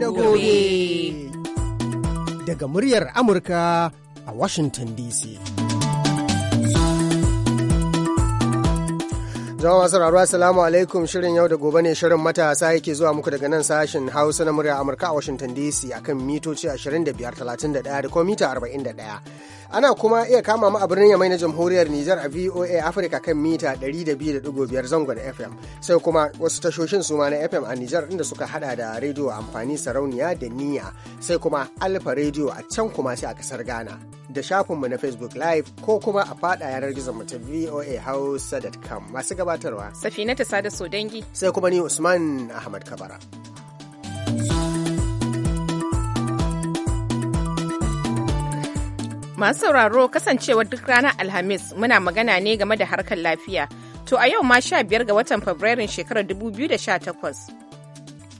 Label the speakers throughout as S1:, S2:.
S1: da gobe.
S2: Daga muryar Amurka a Washington DC. Jama'a masu raro salamu alaikum shirin yau da gobe ne shirin matasa yake zuwa muku daga nan sashen Hausa na murya Amurka a Washington DC akan mitoci 25, 31 da kuma mita 41. ana kuma iya kama mu a birnin yamai na jamhuriyar Nijar a VOA Africa kan mita 102.5 zangon FM sai kuma wasu tashoshin suma na FM a Nijar inda suka hada da rediyo amfani sarauniya da niya sai kuma Alfa rediyo a can kuma a kasar Ghana da shafinmu na Facebook Live ko kuma a fada yanar gizon mu ta voahausa.com masu gabatarwa
S1: Safina ta sada dangi.
S2: sai kuma ni Usman Ahmad Kabara.
S1: Masu sauraro kasancewar duk ranar Alhamis muna magana ne game da harkar lafiya. To a yau ma sha biyar ga watan Fabrairun shekarar 2018.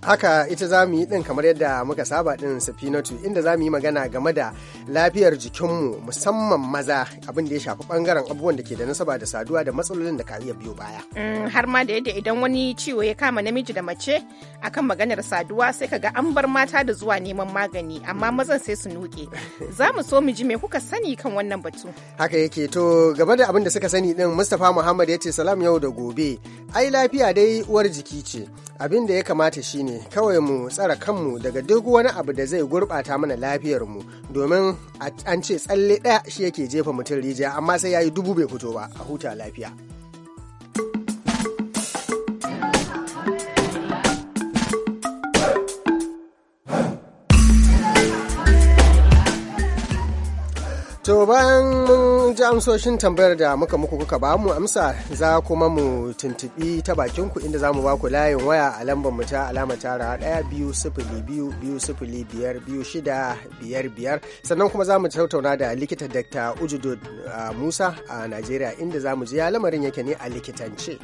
S2: haka ita za mu yi ɗin kamar yadda muka saba ɗin safinatu inda za mu yi magana game da lafiyar jikinmu musamman maza abin da ya shafi bangaren abubuwan da ke da nasaba da saduwa da matsalolin da ka iya biyo baya.
S1: Mm, har ma da yadda idan wani ciwo ya kama namiji da mace akan maganar saduwa sai ka ga an bar mata da zuwa neman magani amma mazan sai su nuke. Za mu so mu ji me kuka sani kan wannan batu.
S2: Haka yake to game da abin da suka sani ɗin Mustapha Muhammad ya ce salam yau da gobe ai lafiya dai uwar jiki ce abin da ya kamata shine ne kawai mu tsara kanmu daga duk wani abu da zai gurɓata mana lafiyarmu domin an ce tsalle ɗaya shi yake jefa mutum rijiya amma sai yayi dubu bai fito ba a huta lafiya. To bayan ji amsoshin tambayar da muka muku kuka ba mu amsa za kuma mu tuntubi ta bakin ku inda za mu ba layin waya a lambar mu ta alama tara ɗaya biyu sifili biyu biyu sifili biyar biyu shida biyar biyar sannan kuma za mu tattauna da likita Dr. Ujudu ah, Musa a Najeriya inda za mu ji ya lamarin yake ne a likitance.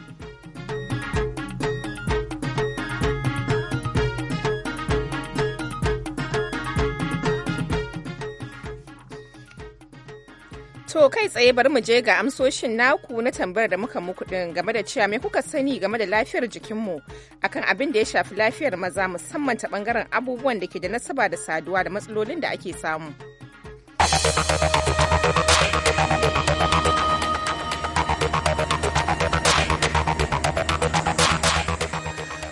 S1: To kai tsaye bari mu je ga amsoshin naku na tambayar da muka muku din game da cewa me kuka sani game da lafiyar jikinmu akan abin da ya shafi lafiyar maza musamman ta bangaren abubuwan da ke da nasaba da saduwa da matsalolin da ake samu.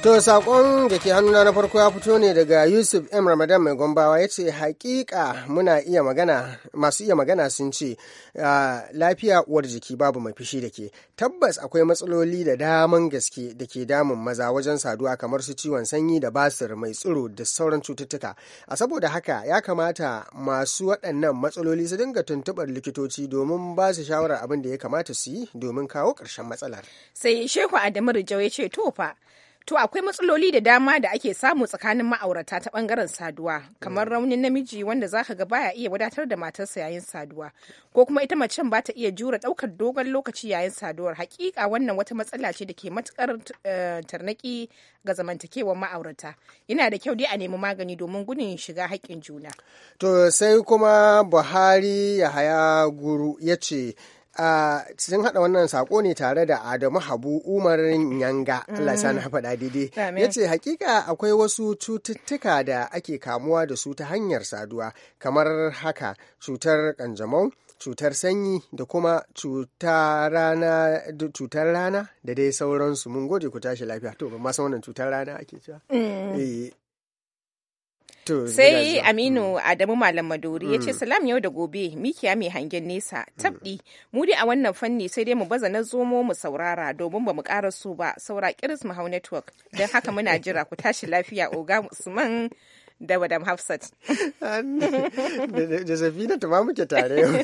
S2: To saƙon da ke hannuna na farko ya fito ne daga Yusuf M. Ramadan mai gombawa ya ce hakika muna iya magana masu iya magana sun ce ah, lafiya uwar jiki babu mai fishi da ke tabbas akwai matsaloli da daman gaske da ke damun maza wajen saduwa kamar su ciwon sanyi da basir mai tsiro da sauran cututtuka a saboda haka ya kamata masu waɗannan matsaloli su dinga tuntuɓar likitoci domin ba su shawarar abin da ya kamata su yi domin kawo ƙarshen matsalar.
S1: Sai Shehu Adamu Rijau ya ce to fa To akwai matsaloli da dama da ake samu tsakanin ma'aurata ta bangaren saduwa, kamar mm. raunin namiji wanda zaka ga baya iya wadatar da matarsa yayin saduwa, ko kuma ita macen ba ta iya jura daukar dogon lokaci yayin saduwar. Hakika wannan wata matsala ce da ke matukar eh, tarnaki ga zamantakewar ma'aurata. Yana da kyau dai a nemi magani domin gudun shiga haƙƙin juna.
S2: To sai kuma Buhari Yahaya Guru ya ce sun haɗa wannan sako ne tare da Adamu Habu Umar Nyanga Allah sani faɗa daidai ya ce hakika akwai wasu cututtuka da ake kamuwa da su ta hanyar saduwa kamar haka cutar kanjamau cutar sanyi da kuma cutar rana da dai sauransu mun gode ku tashi lafiya to ba ma wannan cutar rana ake cewa
S1: mm. eh, Sai Aminu mm. Adamu Malam Maduri ya ce mm. salam yau da gobe mikiya mai hangen nesa mm. tabdi mu dai a wannan fanni sai dai mu baza na zomo mu saurara domin ba mu ƙara su ba saura kiris mu network don haka muna jira ku tashi lafiya oga Usman da madam hafsat
S2: da safina ta ma muke tare yau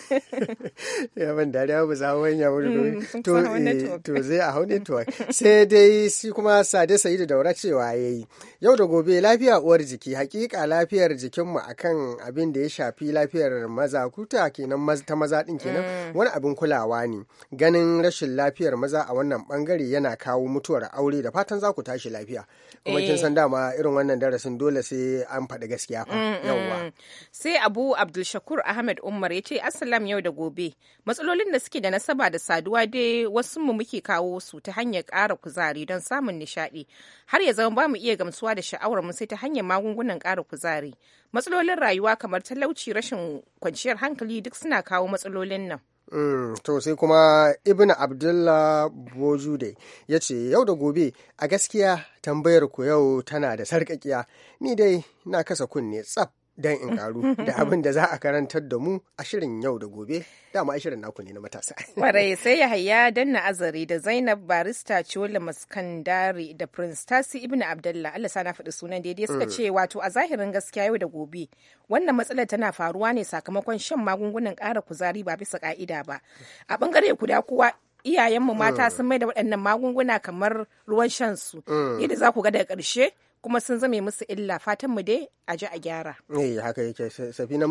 S2: ya ban dariya ba za wani ya wuri to zai a hau network sai dai shi kuma sade sa'idu daura cewa ya yi yau da gobe lafiya uwar jiki hakika lafiyar jikinmu akan abin da ya shafi lafiyar maza kuta kenan ta maza din kenan mm. wani abin kulawa ne ganin rashin lafiyar maza a wannan bangare yana kawo mutuwar aure da fatan za ku tashi lafiya kuma kin eh. san dama irin wannan darasin dole sai an faɗi gaskiya fa mm, mm. yawwa
S1: sai abu abdul shakur ahmed umar ya ce assalam yau da gobe matsalolin da suke da nasaba da saduwa dai wasu mu muke kawo su ta hanyar ƙara kuzari don samun nishaɗi har ya zama ba mu iya gamsuwa da sha'awar mu sai ta hanyar magungunan ƙara kuzari matsalolin rayuwa kamar talauci rashin kwanciyar hankali duk suna kawo matsalolin nan
S2: Mm, to sai kuma Ibn Abdullah Bojude ya ce yau da gobe a gaskiya tambayar ku yau tana da sarƙaƙiya ni dai na kasa kunne tsaf don in karu da abin da za a karantar da mu a shirin yau da gobe dama shirin naku ne na matasa. Kwarai
S1: sai ya haya danna azari da Zainab Barista Chola Maskandari da Prince Tasi Ibn Abdullah Allah sana faɗi sunan daidai suka mm. ce wato a zahirin gaskiya yau da gobe wannan matsalar tana faruwa ne sakamakon shan magungunan ƙara kuzari ba bisa ka'ida ba. A bangare guda kowa iyayenmu mata mm. sun mai da waɗannan magunguna kamar ruwan shansu. Mm. Yadda za ku ga daga ƙarshe kuma sun zame musu illa fatan mu dai a ji a gyara.
S2: Eh haka yake safina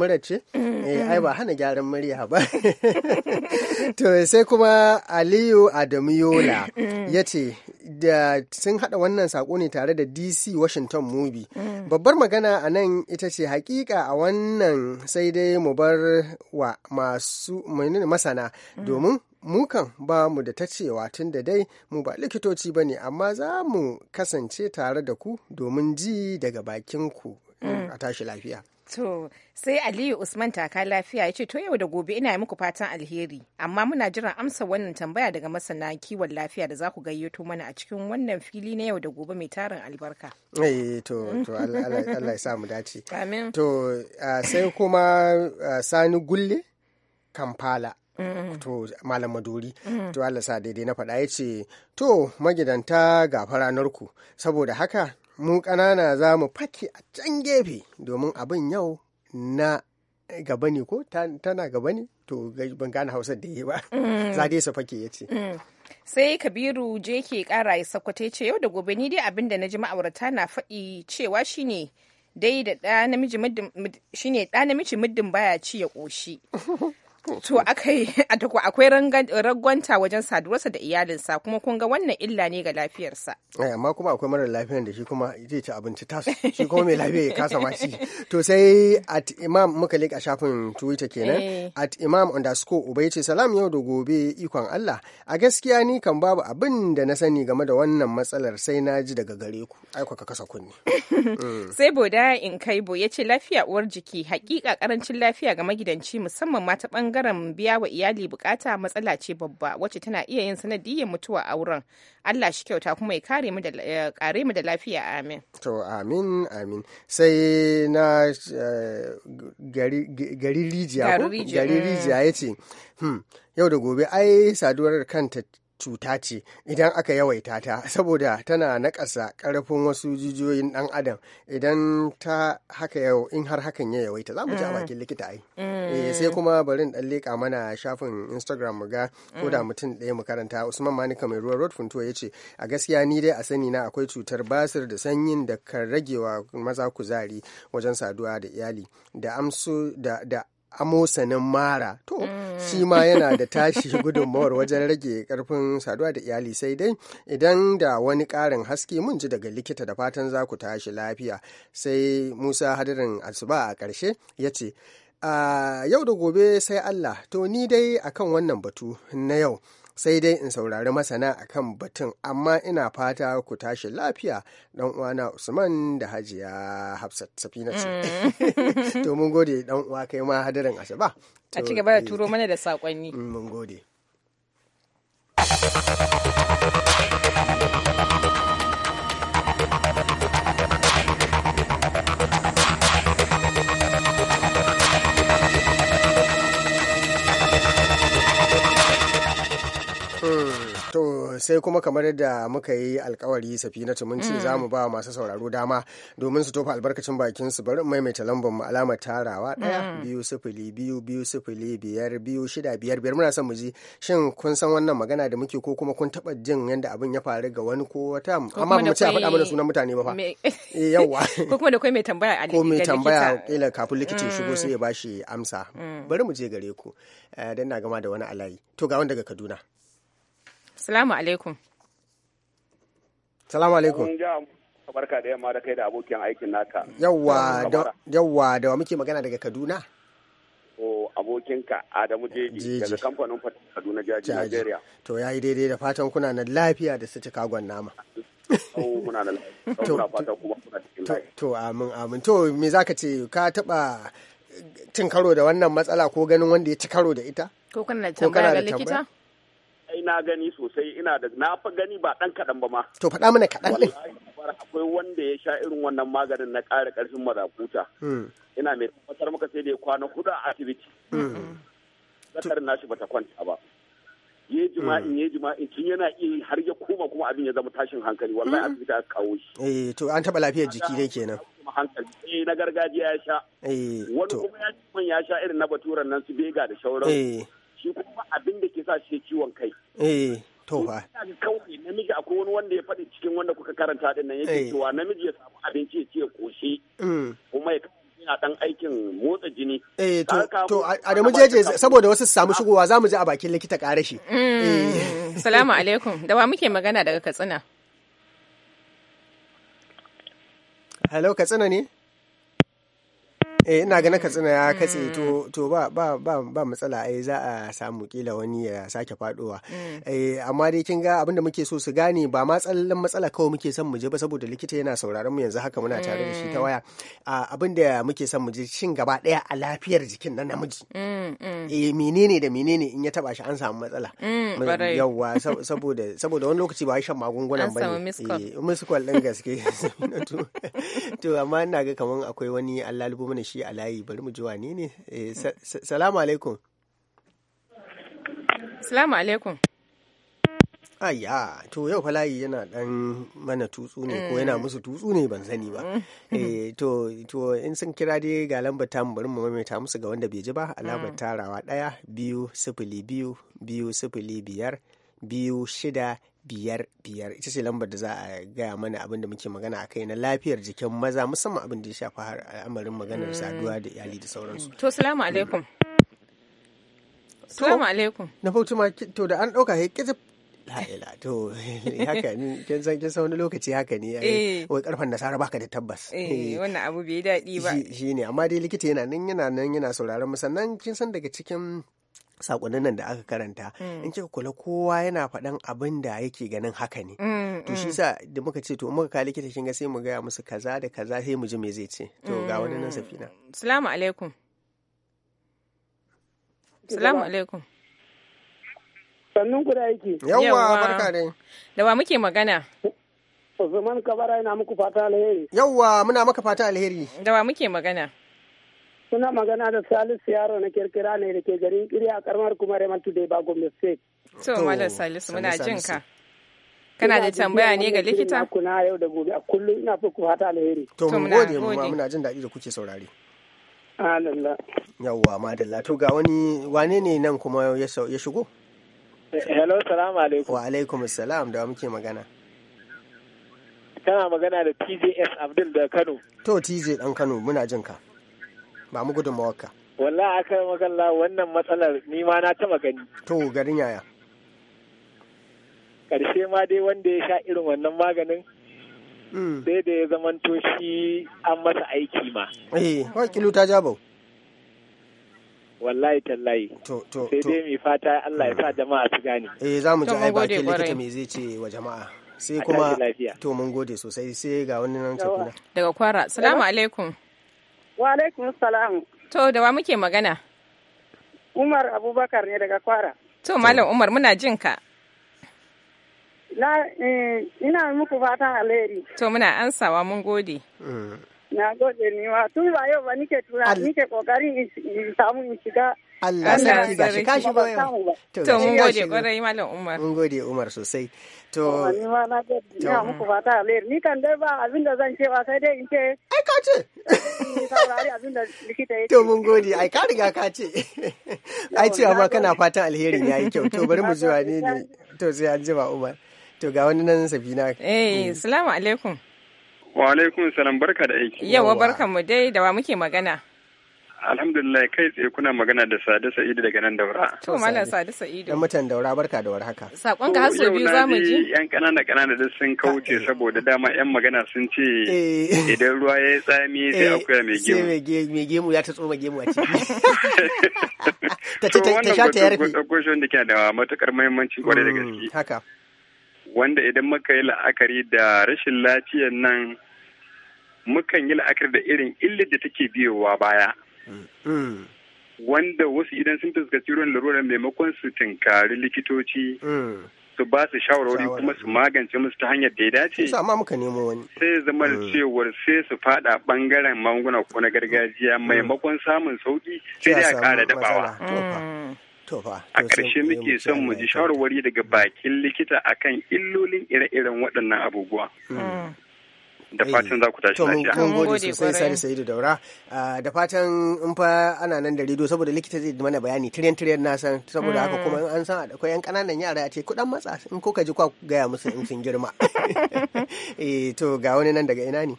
S2: mura ce eh ai ba hana gyaran murya ba. To sai kuma Aliyu Adamu Yola ya ce da sun hada wannan sako ne tare da DC Washington Movie. Mm. Babbar magana a nan ita ce hakika a wannan sai dai mu bar wa masu masana mm. domin mukan ba mu da ta cewa tun da dai mu ba likitoci ba ne amma za mu kasance tare da ku domin ji daga bakin ku eh, mm. a tashi lafiya
S1: To, sai Aliyu Usman taka lafiya ya ce to yau da gobe ina yi muku fatan alheri, amma muna jiran amsa wannan tambaya daga masana kiwon lafiya da za ku gayyato mana a cikin wannan fili na yau da gobe mai tarin albarka.
S2: Eh, to, mm. to Allah ya samu dace. Amin. To, ah, sai kuma ah, Sani Gulle Kampala Mm. to malam maduri mm. to Allah sa daidai na faɗa ya ce to magidanta ga faranarku saboda haka mu ƙanana za mu fake a can gefe domin abin yau na gaba ne ko tana gaba ne to ban gane hausa da yi ba mm. za dai su fake ya ce
S1: sai kabiru je ke kara ya sakwate ce yau da gobe ni dai abin da na ji ma'aurata na faɗi cewa shine dai da ɗa namiji muddin baya ci ya ƙoshi To akai akwai ragwanta wajen saduwarsa da iyalinsa kuma kun ga wannan illa ne ga lafiyarsa.
S2: Eh, amma kuma akwai marar lafiyar da shi kuma zai ci abinci tasu shi kuma mai lafiya ya kasa ma shi. To sai at imam muka a shafin Twitter kenan eh. at imam underscore uba ya ce salam yau da gobe ikon Allah a gaskiya ni kan babu abin da na sani game da wannan matsalar sai na ji daga gare ku ai ka kasa kunni. Mm.
S1: Sai boda in kai bo ya ce lafiya uwar jiki hakika karancin lafiya ga magidanci musamman ma ta bangaren bangaren biya wa iyali bukata matsala ce babba wacce tana iya yin sanadiyyar mutuwa a wurin allah shi kyauta kuma ya kare mu da lafiya amin
S2: to amin amin sai na eh, gari rijiya gari eh. rijiya ya ce hmm, yau da gobe ai saduwar kanta cuta ce idan aka yawaita ta saboda tana nakasa karfin wasu jijiyoyin dan adam idan ta haka yau in har hakan ya yawaita za mu ji a mm. bakin likita ai mm. eh, sai kuma bari in dan leka mana shafin Instagram mu ga ko da mm. mutum ɗaya mu karanta Usman Manika mai ruwan road ya ce a gaskiya ni dai a sani na akwai cutar basir da sanyin da kan ragewa maza kuzari wajen saduwa da iyali da amsu da amosanin mara to
S3: mm. shi ma yana da tashi
S2: gudunmawar wajen rage karfin saduwa da iyali sai dai idan da wani karin haske mun ji daga likita da fatan za ku tashi lafiya sai musa hadirin asuba a ƙarshe ya ce yau da gobe sai allah to ni dai akan wannan batu na yau sai dai in saurari masana a kan batun amma ina fata ku tashi lafiya dan uwana usman da hajiya hafsat safina mm. to mun gode dan uwa kai ma hadarin asaba
S1: a ci gaba da eh. turo mana da sakonni mm, mun gode
S2: To sai kuma kamar yadda muka yi alkawari safinatu mun ce mm. za mu ba masu sauraro dama domin su tofa albarkacin bakin su bari maimaita lambar mu alama tarawa daya mm. biyu sifili biyu biyu sifili biyar biyu shida biyar biyar muna son mu ji shin kun san wannan magana da muke ko kuma kun taba jin yadda abin ya faru ga wani ko wata amma mu ce a faɗa mana sunan mutane ba fa
S1: eh, yawa ko kuma da kai mai tambaya a ko mai tambaya
S2: kila kafin likita ya shigo mm. sai ya bashi amsa bari mu je gare ku eh, dan na gama da wani alayi to ga wanda daga Kaduna
S1: Salamu alaikum.
S2: Salamu alaikum.
S4: barka da yamma da kai da abokin aikin naka.
S2: Yawwa da yawwa da muke magana daga Kaduna.
S4: O abokinka Adamu Jeji daga kamfanin Kaduna Jaji Nigeria.
S2: To yayi daidai da fatan kuna na lafiya da su cika gwan nama. To amin amin to me za ka ce ka taba cin karo da wannan matsala ko ganin wanda ya ci karo da ita?
S1: Ko kana da tambaya ga likita?
S4: na gani sosai ina da na fa gani ba dan kaɗan ba ma. To faɗa mana kaɗan ɗin. Akwai wanda ya sha irin wannan maganin na ƙara ƙarfin mazakuta. Hmm. Ina mai tabbatar maka sai da ya kwana hudu a asibiti. Hmm. Zakarin nashi bata kwanta ba. Ya jima'in hmm. ya jima'in tun yana iya har ya koma kuma abin ya zama tashin hankali wallahi asibiti aka kawo
S2: shi. Eh to an taɓa lafiyar jiki ne kenan.
S4: hankali eh na gargajiya ya sha.
S2: Eh, Wani
S4: kuma ya sha irin na baturan nan su bega da shauran. Eh. shi kuma abin da ke sa shi ciwon kai
S2: eh to fa
S4: kawai namiji akwai wani wanda ya faɗi cikin wanda kuka karanta din nan yake eh. cewa namiji ya samu abinci ya ce koshi mm. kuma ya yana dan aikin
S2: motsa jini eh to to a da muje je saboda wasu su samu shigowa zamu je a bakin likita ƙara shi
S1: assalamu mm. eh. alaikum da wa muke magana daga Katsina
S2: hello Katsina ne eh ina ganin katsina ya katse mm. to to ba ba ba ba matsala ai eh, za a samu kila wani ya sake faduwa mm. eh amma dai kin ga abinda muke so su gane ba ma tsallan matsala kawai muke son mu je ba saboda likita yana sauraron mu yanzu haka muna tare da shi ta mm. waya abinda muke son mu je shin gaba daya a lafiyar jikin na namiji
S3: eh
S2: menene da menene in ya taba shi an samu matsala yawwa saboda saboda wani lokaci ba shan magungunan bane eh miskol. din gaske to amma ina ga kaman akwai wani Allah lubu mana shi shi a layi bari mu ji wane ne eh, salamu alaikum
S1: salamu alaikum
S2: Aya, to yau falayi yana dan mana tutsu ne ko yana mm. musu tutsu ne ban sani ba. Mm. Eh to to in sun kira dai ga lambar mu bari mu maimaita musu ga wanda bai ji ba alamar mm. tarawa ɗaya biyu sifili biyu biyu sifili biyar biyu shida biyar biyar ita ce lambar da za a gaya mana abin da muke magana a kai na lafiyar jikin maza musamman abin da ya shafi har al'amarin maganar mm. saduwa da iyali da sauransu
S1: to salamu alaikum salamu alaikum na bauchi ma
S2: to da an ɗauka ya kiji la'ila to haka ni kin san kin san wani lokaci haka ne eh. wai karfan nasara baka da tabbas eh, eh wannan abu bai daɗi ba shine amma dai likita yana nan yana nan yana sauraron mu sannan kin san daga cikin sakonin nan da aka karanta mm. in cika kula kowa yana faɗan abin da yake ganin haka ne mm, to shi mm. sa da muka ce to muka ka likita kin ga sai mu gaya musu kaza da kaza sai mu ji me zai ce to ga wani nan safina
S1: assalamu alaikum assalamu alaikum
S2: sannun ku da aiki yawa barka dai
S1: da wa muke magana
S5: zaman Kabara ina muku fata alheri
S1: yawa muna maka fata alheri da wa muke magana
S5: suna magana da salisu yaro na kirkira ne da ke garin kiri a karmar kuma reman today ba gombe state
S1: to malar salisu muna jin ka kana da tambaya ne ga likita
S5: kuna yau da gobe a kullum ina fi ku fata alheri to mun gode mu muna jin daɗi da kuke saurare
S2: alalla yawwa madalla to ga wani wane ne nan kuma ya shigo
S6: hello salamu alaikum
S2: wa alaikum salam da muke magana
S6: kana magana da TJS Abdul da Kano
S2: to TJ dan Kano muna jin ka ba mu gudun mawaka
S5: wallahi aka makalla wannan matsalar ni ma na taba gani
S2: to garin yaya
S5: karshe ma dai wanda ya sha irin wannan maganin
S2: hmm. sai da ya zamanto shi an masa aiki ma eh wakilu ta jabo. wallahi tallahi to to sai dai mai fata Allah ya sa jama'a su gane eh za mu ji ai bakin likita me zai ce wa jama'a sai kuma to mun gode sosai sai ga wani nan tafi
S1: daga kwara salamu alaikum Wa salam. To da wa muke magana? Umar Abubakar ne daga Kwara. To Malam Umar muna jin ka.
S5: Na eh, ina muku fatan alheri.
S1: To muna ansawa mun gode.
S5: Na gode ni ma tun ba yau ba nike tura nike kokarin in samu in shiga Allah sarki ga shi kashi ba yau. To
S1: mun gode
S2: kwarai Malam Umar. Mun gode Umar sosai. To ni
S5: ma na ga ina muku fata alheri. Ni
S2: kan dai ba abin da zan ce ba sai dai in ce. Ai ka ce. To mun gode ai ka riga ka ce. Ai ce amma kana fatan alheri ne yayi kyau. To bari mu zuwa ne ne. To sai an jima Umar. To ga wani nan Safina. Eh, mm. salamu alaikum.
S4: Wa alaikum salam barka da aiki.
S1: Yawa barkan mu dai da wa muke magana.
S4: Alhamdulillah kai tsaye kuna magana da Sade Sa'idu daga nan Daura. To Malam
S1: Sade Sa'idu. Dan mutan Daura
S2: barka da warhaka. Sakon ga haso biyu zamu ji. Yan
S4: kanana kanana da sun kauce eh. saboda dama yan magana sun ce eh. idan ruwa ya yi tsami sai eh, akuya mai gemu.
S2: Sai mai gemu ya ta tsoma gemu a ciki. Ta ta ta shata ta yarfe.
S4: Wannan ko wanda ke da matukar muhimmanci kwarai da gaske. Mm, haka. Wanda idan muka yi la'akari da rashin lafiyar nan mukan yi la'akari da irin illar da take biyowa baya. wanda wasu idan sun fuskaci ruwan larurar maimakon su tinkari
S2: likitoci
S4: su ba su shawarwari kuma su magance musu ta hanyar da ya dace sai zama da hmm. cewar sai su fada bangaren magunguna ko na gargajiya hmm. maimakon samun sauki sai dai a kara dabawa
S2: a ƙarshe muke son mu ji
S4: shawarwari daga bakin likita akan illolin ire-iren waɗannan abubuwa
S2: hmm.
S5: da fatan za ku tashi lafiya. To mun gode sosai sai
S2: da Daura. Ah, da fatan in fa ana nan da rediyo saboda likita zai mana bayani tiryan tiryan na san saboda haka kuma mm. an san akwai yan kananan yara a ce kudan matsa in kuka ji kwa gaya musu in sun girma. Eh to ga wani nan daga ina ne?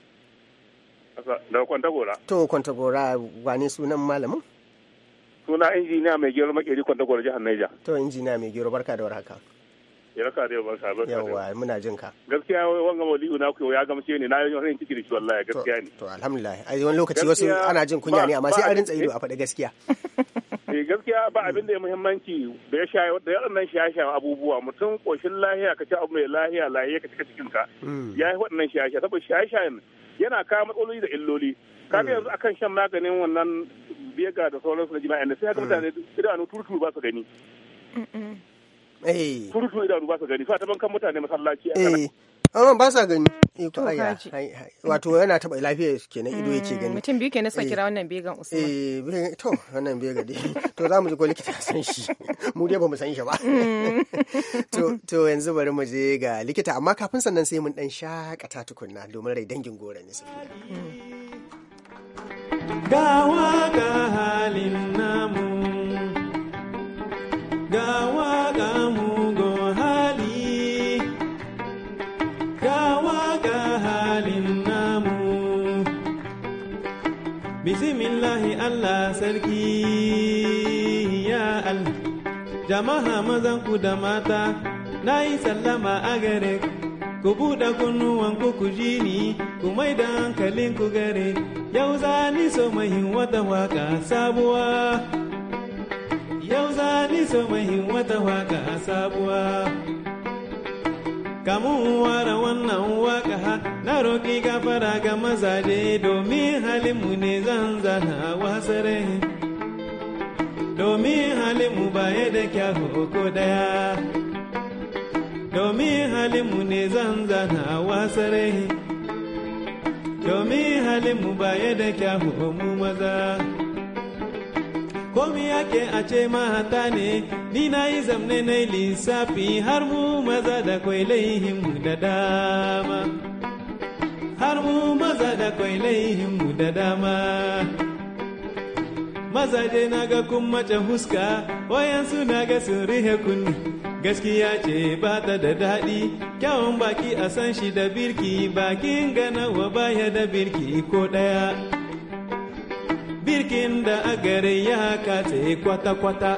S4: Daga Kwantagora.
S2: To Kwantagora wani sunan malamin?
S4: Suna injiniya mai gero makeri Kwantagora jihar Niger.
S2: To injiniya mai gero barka da warhaka. haka.
S4: yarka da barka barka yawa muna jin ka gaskiya wanga mauli'u na ku ya gamshe ne na yi wani ciki da shi wallahi gaskiya ne to
S2: alhamdulillah ai wani lokaci wasu ana jin kunya ne amma sai an rintsa ido a faɗa gaskiya
S4: eh gaskiya ba abin da ya muhimmanci da ya sha da waɗannan shasha abubuwa mutum koshin lahiya ka ci abu mai lahiya lahiya ka cika cikin ka hmm. ya yi waɗannan shasha saboda shasha yana kawo matsaloli da illoli kaga hmm. yanzu akan shan maganin wannan biyar da sauransu na jima'i da sai ga hmm. mutane idanu turturu ba su gani
S2: turutun eh. idanu ba sa gani sa taban kan mutane masallaci a eh. ba sa gani eh, To aya wato yana taba lafiya kenan ido yake mm, gani mutum
S1: biyu kenan suka kira wannan began usman
S2: eh to wannan bega dai to zamu ji ko likita san shi mu dai bamu san shi ba mm. to to yanzu bari mu je ga likita amma kafin sannan sai mun dan shakata tukunna domin rai dangin gora ne su mm.
S6: ga halin Allah sarki ya Allah jama'a mazan ku da mata na yi sallama a gare ku buɗe kunnuwan ku ku ji ni ku mai da hankalin ku gare yau za ni so mahin wata waka sabuwa yau za ni so mahin wata waka sabuwa kamun ware wannan waka na roƙi gafara ga mazaje domin halinmu ne zanza zana wasare domin halinmu baya da kyawu ko daya domin halinmu ne zanza zana wasare domin halinmu baya da kyawu mu maza komi yake a ce mahata ne ni na yi zamne na lissafi har mu maza da kwai laihinmu da dama har mu maza da kwai laihinmu da dama maza dai na ga kun mace huska wayansu na ga sun rihe kunni gaskiya ce ba ta da daɗi kyawun baki a san shi da birki bakin wa baya da birki ko ɗaya birkin da agare ya kace kwata-kwata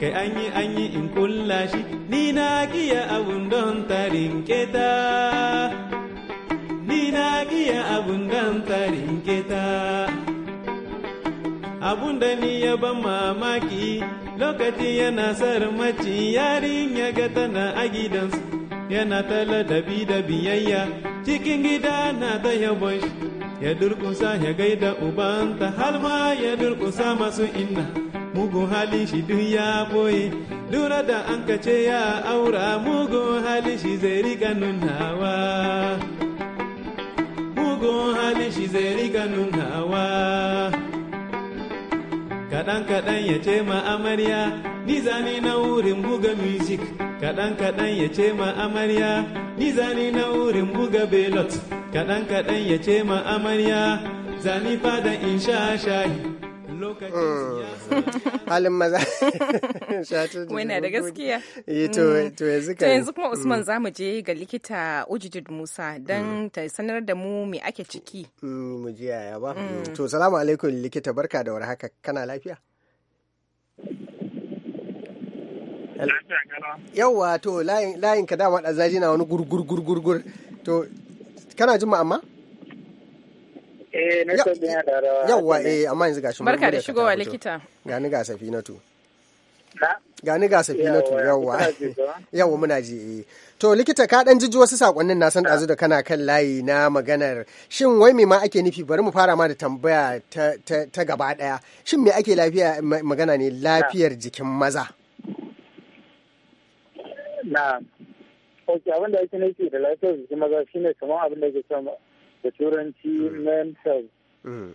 S6: kai an yi an yi in kulla shi ni na giya abun don tarin keta ni na giya abun don tarin keta abun da ni ya ban mamaki lokaci yana sarmaci yarin ya ga tana a gidansu yana tala dabi da biyayya cikin gida na ta yabon shi ya durkusa ya gaida ubanta har ma ya durkusa masu inna mugun halin shi duk ya boye lura da an kace ya aura mugun halin shi zai riga nunawa mugun halin shi zai riga nunawa kaɗan kaɗan ya ce ma amarya ni zani na wurin buga music kaɗan kaɗan ya ce ma amarya ni zani na wurin buga belot kaɗan kaɗan ya ce ma amarya zani fadan in sha shayi
S2: halin maza
S1: wani da gaskiya eh, mm. to yanzu to yanzu kuma mm. Usman za mu je ga likita Ujidid Musa don mm. ta sanar da mu me ake ciki
S2: mu ji yaya ba to salamu alaikum likita barka da warhaka kana lafiya Yawwa to layin ka dama da zaji na wani gurgur gurgur to kana jin mu amma?
S1: Eh, na Yawwa eh,
S2: amma yanzu gashi mun barka da shigowa likita. Gani ga tu Gani ga tu yawwa. Yawwa muna ji eh. To likita ka dan jiji wasu sakonnin na san dazu da kana kan layi na maganar shin wai me ma ake nufi bari mu fara ma da tambaya ta gaba daya. Shin me ake lafiya magana ne lafiyar jikin maza?
S5: na Ok abin da ake nufi da lafiyar jikin maza shine kamar abin da ke cewa da turanci mm. mental mm.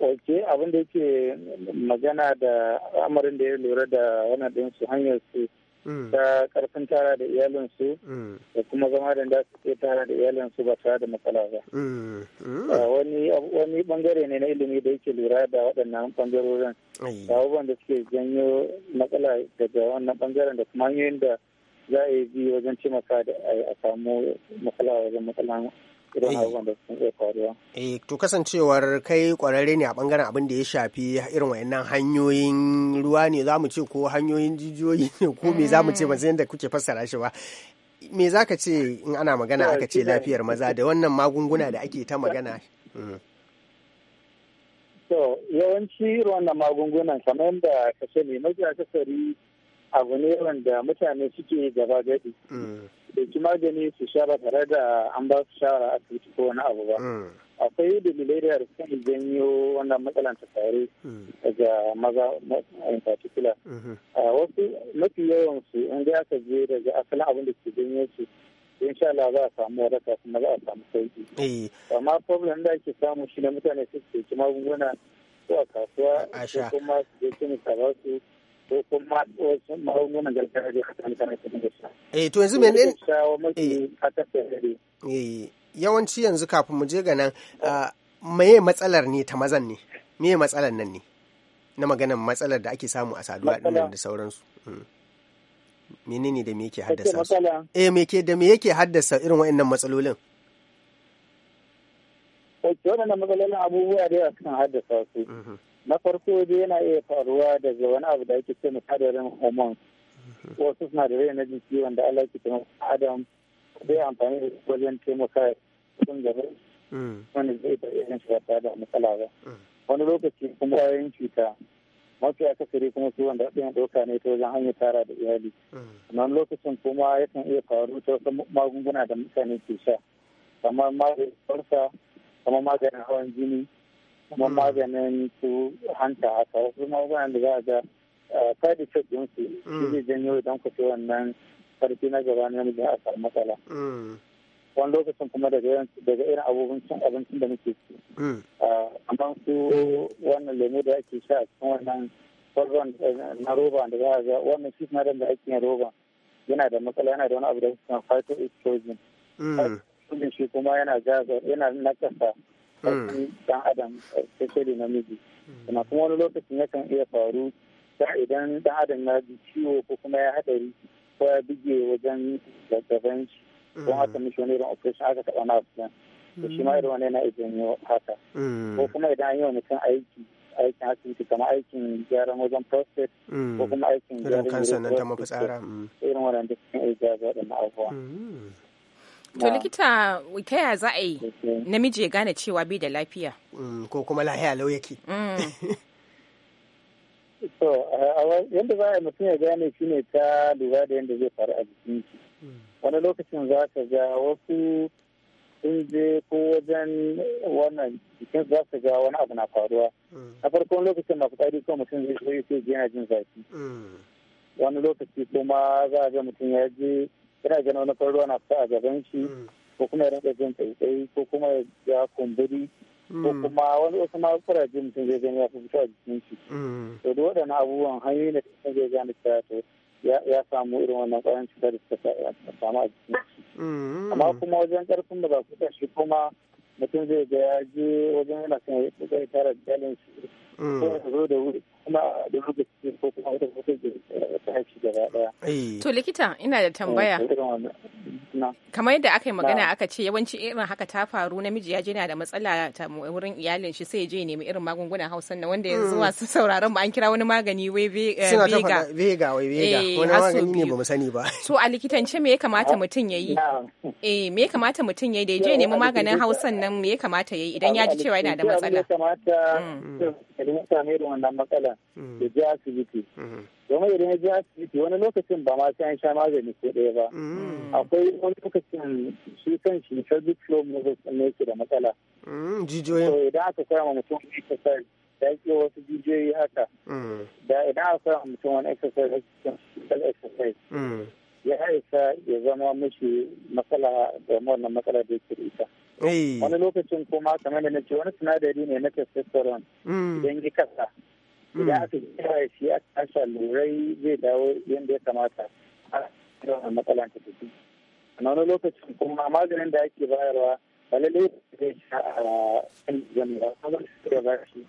S5: ok abin da yake magana da amarin da ya lura da wannan su hanyar su
S3: mm. ta
S5: karfin tara da iyalinsu da kuma zama da da suke tara da iyalinsu ba tare da matsala ba. Ah, wani bangare ne na ilimi da yake lura da waɗannan bangarorin da abubuwan da suke janyo matsala daga wannan bangaren da kuma hanyoyin da za a yi bi wajen cimaka da a samu matsala wajen matsala Eh.
S2: eh, to kasancewar kai kwararre ne a bangaren abin da ya shafi irin wayannan hanyoyin ruwa ne za mu ce ko hanyoyin jijiyoyi ne ko me za mu ce ba yadda kuke fassara shi ba. Me za ka ce in ana magana aka ce lafiyar maza da wannan magunguna da ake ta magana?
S5: Mm. To, yawanci wannan magungunan kamar yadda ka sani mafi akasari abu ne wanda mutane suke gaba gadi mm. ki magani su sha ba tare da an ba su shawara asibiti ko wani abu ba mm. akwai dalilai da sukan janyo wannan matsalan ta tare mm. daga maza in particular mm-hmm. wasu mafi yawan su in ga aka je daga asalin abin da ke janyo su sha Allah za a samu waraka kuma za a samu sauki eh. amma problem da ake samu shi na mutane su ke magunguna ko a kasuwa ko kuma su je su ko kuma a eh, to yanzu eh.
S2: eh, yawanci yanzu kafin mu je ganin, meye matsalar ne ta mazan ne? Meye matsalar nan ne? Na maganan matsalar da ake samu a saduwa dinnan da sauransu. Hmm. menene da me yake haddasa su? Eh me ke da me yake haddasa irin waɗannan matsalolin?
S5: Wacce matsalolin abubuwa da yawa suna haddasa su. Mhm. na farko dai yana iya faruwa daga wani abu da ake ce sinadarin hormones wasu sinadarai na jiki wanda Allah ke taimaka adam zai amfani da wajen taimaka sun gaba
S3: mm. wani
S5: zai ta irin shiga da matsala ba mm. wani lokaci kuma ƙwayoyin cuta mafi akasari kuma su wanda ɗin ɗauka ne ta wajen hanyar tara da iyali mm. wani lokacin kuma yakan iya faru ta wasu magunguna da mutane ke sha kamar maganin farsa kamar maganin hawan jini kuma mm. maganin su hanta haka wasu magungunan da za a ga side effect ɗinsu mm. shi zai janyo idan ku ce wannan karfi na gaba na yanzu a samu matsala. Mm. wani lokacin kuma daga irin abubuwan abincin da muke ci. amma su wannan lemu da ake sha a cikin wannan sauran eh, na roba da za a ga wannan shi sinadar da ake yin roba yana da matsala yana da wani abu da suna phytoestrogen.
S3: estrogen
S5: shi kuma yana nakasa
S3: dan
S5: adam especially eh, namiji kuma hmm. kuma wani lokacin yakan iya faru ta idan dan adam na ji ciwo ko kuma ya haɗari ko ya buge wajen gaban shi ko hmm. aka mishi wani irin operation aka taɓa na wasu to shi ma irin wani yana iya yi haka
S3: hmm. ko kuma
S5: idan an yi wa mutum aiki aikin asibiti kamar aikin gyaran wajen prostate ko kuma aikin gyaran wajen prostate irin waɗanda suke iya jaza na abubuwa
S2: To likita
S1: ta yaya za a yi namiji ya gane cewa bai da lafiya?
S5: Mm, ko kuma lahiya lau yake. Mm. To, yadda za a mutum ya gane shi ne ta lura da yadda zai faru a jikin shi. Mm. Wani lokacin za ka ga wasu sun je ko wajen wannan jikin za su ga wani abu na faruwa. Na farkon lokacin na fitsari ko mutum zai zai yana jin zafi. Wani lokaci kuma za a ga mutum ya je yana ganin wani ruwa na fita a gaban shi mm. ko kuma ya rinka jin kai, ko kuma ya kumburi ko mm. kuma wani wasu ma kurajen mutum zai gani ya fi fita a jikin
S3: shi mm. to
S5: da waɗannan abubuwan hanyoyi ne da zai gane cewa to ya samu irin wannan ƙwayan cutar da suka samu a jikin
S3: shi amma kuma
S5: wajen ƙarfin da ba kusa shi kuma mutum zai ga ya je wajen yana kan ya tara da iyalin shi ko ya zo da wuri kuma da lokacin ko kuma wata mutum ta haifi gaba daya.
S1: Eh. To likita ina da tambaya. Eh, nan. Kamar yadda aka yi magana aka ce yawanci irin haka ta faru namiji ya je yana da matsala ta wurin iyalin shi sai ya je nemi irin magungunan Hausa na wanda yanzu mm. masu sauraron mu an kira wani magani wai vega. Eh, Suna ta vega wai
S2: vega eh, wani magani ne bamu sani ba.
S1: So a likitance me ya kamata mutum ya yi? Eh me ya kamata mutum ya yi da ya je nemi maganin Hausa nan me ya kamata ya yi idan ya ji cewa yana da matsala? Ya
S5: kamata mm. ya nemi wannan matsala mm. ya je asibiti. domin idan ya je asibiti wani lokacin ba ma sai an sha magani ko ɗaya ba
S3: mm.
S5: akwai wani lokacin shi kan shi pelvic floor muscles ne yake da matsala mm, jijiyoyin idan aka koya ma mutum exercise da yake wasu jijiyoyi haka mm. da idan aka koya ma mutum wani exercise exercise ya haifa ya zama mishi matsala da wannan matsala da yake da ita wani lokacin kuma kamar da na wani sinadari ne na testosterone idan ya kasa idan hmm. aka gyara shi a kasa lurai zai dawo yadda ya kamata a cikin matsalan ta tafi a wani lokacin kuma maganin da ake bayarwa ba lallai zai sha a kan jami'a kuma hmm. su ya ba shi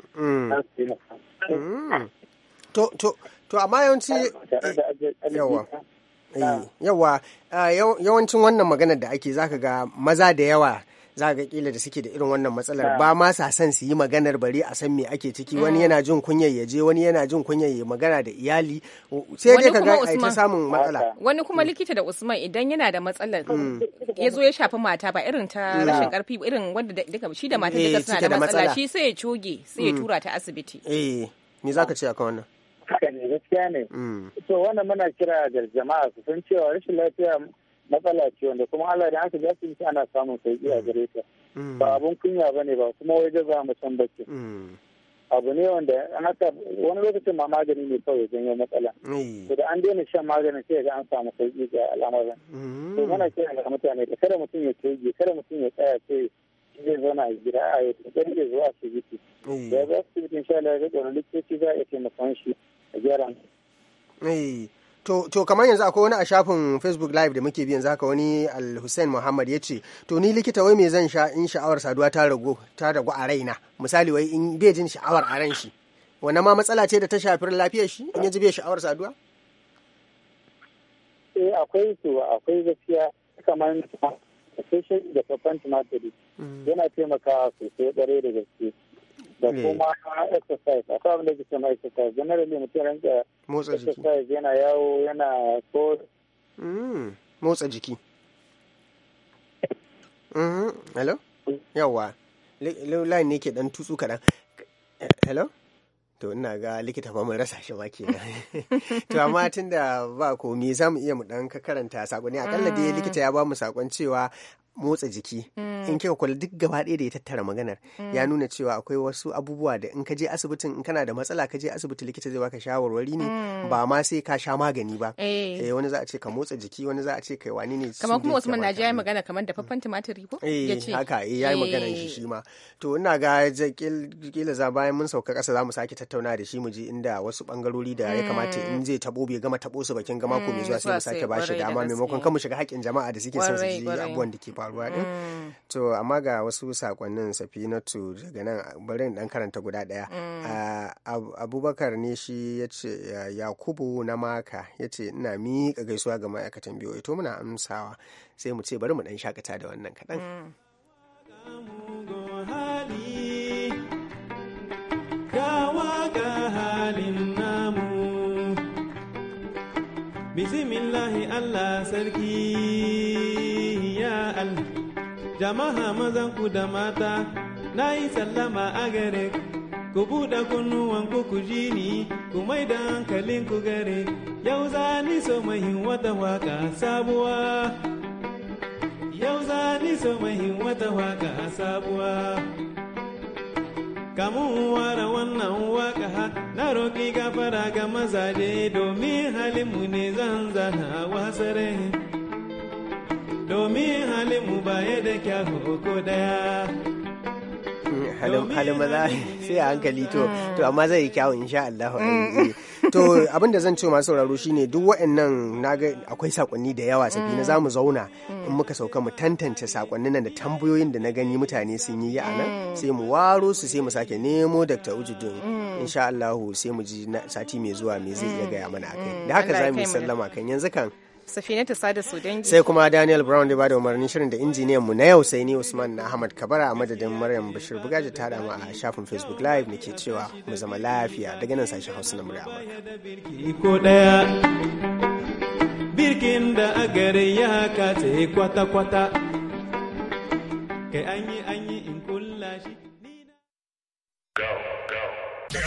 S5: a cikin to to amma yawanci yawa
S2: yawa eh, ah, yawancin wannan magana da ake zaka ga maza da yawa za ga kila da suke da irin wannan matsalar ba ma sa san su yi maganar bari a san me ake ciki wani mm. yana jin kunyar ya je wani yana jin kunyar ya magana da iyali sai dai ka ga ai ta samun matsala
S1: wani kuma mm. likita da Usman idan yana da matsalar mm. ya zo ya shafi mata ba irin ta rashin karfi irin wanda duka shi da mata daga eh, suna da matsala shi sai ya coge sai ya tura ta asibiti
S2: eh me zaka ce akan
S5: wannan ne gaskiya ne
S1: to wannan muna kira ga
S5: jama'a su san cewa rashin lafiya matsala ce wanda kuma Allah da aka ji asibiti ana samun sai a mm. gare ta mm. ba abun kunya ba ne ba kuma wai gaza mu can bacci mm. abu ne wanda an haka wani lokacin ma magani ne kawai yi matsala to da an daina shan maganin sai ga an samu sauki ga al'amarin to mana kiran ga mutane da kada mutum ya toge kada mutum ya tsaya sai zai zauna a gida a yi zuwa ya yi asibiti da ya zo asibiti insha Allah ya ga likitoci za a iya taimakon shi a gyara
S2: to kamar yanzu akwai wani a shafin facebook live da muke bi yanzu haka wani al-hussein muhammad ya ce to ni likita wai me zan sha in sha'awar saduwa ta ragu ta ragu a raina misali wai in bai jin sha'awar a ran shi wannan ma matsala ce da ta shafi lafiyar shi in yanzu bai sha'awar saduwa
S5: eh akwai su akwai gaskiya kamar especially da kafan tumatiri mm. yana taimakawa sosai dare da gaske da eh. kuma exercise akwai abin da ke exercise generally mutum ranka Mm, motsa jiki yana yawo yana ko
S2: motsa jiki hello yawa lai ne ke dan tutsu kaɗan hello to ina ga likita fa mun rasa shi ma kenan to amma tunda ba komi za mu iya mu dan karanta sakonni akalla dai mm. likita ya ba mu sakon cewa motsa jiki mm. in kika kula duk gaba ɗaya da ya tattara maganar mm. ya nuna cewa akwai wasu abubuwa da in ka je asibitin in kana da matsala ka je asibiti likita zai baka shawarwari ne mm. ba ma sai ka sha magani ba eh. eh wani za a ce ka motsa jiki wani za a ce kai wani ne kamar kuma Usman
S1: Naji yayi magana kamar da faffan tumatir ko eh, yace haka eh yayi magana shi eh. shi
S2: ma to ina ga kila za bayan mun sauka ƙasa za mu sake tattauna da shi mu ji inda wasu bangarori da ya kamata in zai tabo bai gama tabo su bakin gama ko mai zuwa sai mu sake shi dama maimakon kan mu shiga haƙƙin jama'a da suke son su ji abubuwan da ke faruwa faruwa din mm. to amma ga wasu sakonnin safinatu daga nan bari dan karanta guda ɗaya mm. ah, abubakar ne shi ya ce yakubu na maka ya ce ina miƙa gaisuwa ga ma'aikatan biyu to muna amsawa sai mu ce bari mu dan shakata da wannan kaɗan. Mm.
S6: bismillahi Allah sarki. jama'a mazan ku da mata na yi sallama a gare ku buɗe kunnuwan ku ku ji ni ku mai da hankalin ku gare yau za ni so mahin wata waka sabuwa yau za ni so mahin wata waka sabuwa kamu ware wannan waka na roƙi gafara ga mazaje domin mu ne zan zana wasare. domin halin da daya halin maza sai a hankali to to
S2: amma zai yi kyawun insha Allah mm. eh. to abin da zan ce masu sauraro shine duk waɗannan naga akwai sakonni da yawa sabi na mm. mu zauna mm. in muka sauka mu tantance sakonnin nan da tambayoyin da na gani mutane sun yi a nan sai mu waro su sai mu sake nemo Dr. Ujudun insha Allah sai mu ji sati mai zuwa me zai iya gaya mana akai da haka zamu sallama kan yanzu kan
S1: ta Sada dangi. Sai
S2: kuma Daniel Brown da bada umarnin shirin da injiniyan mu na yau sai ni Usman na Ahmad Kabara a madadin Maryam Bashir Bugaji ta mu a shafin Facebook Live nake cewa mu zama
S6: lafiya daga nan sashen Hausa na murya daya Birkin da agare ya katse kwata-kwata, kai an yi in kulla Go.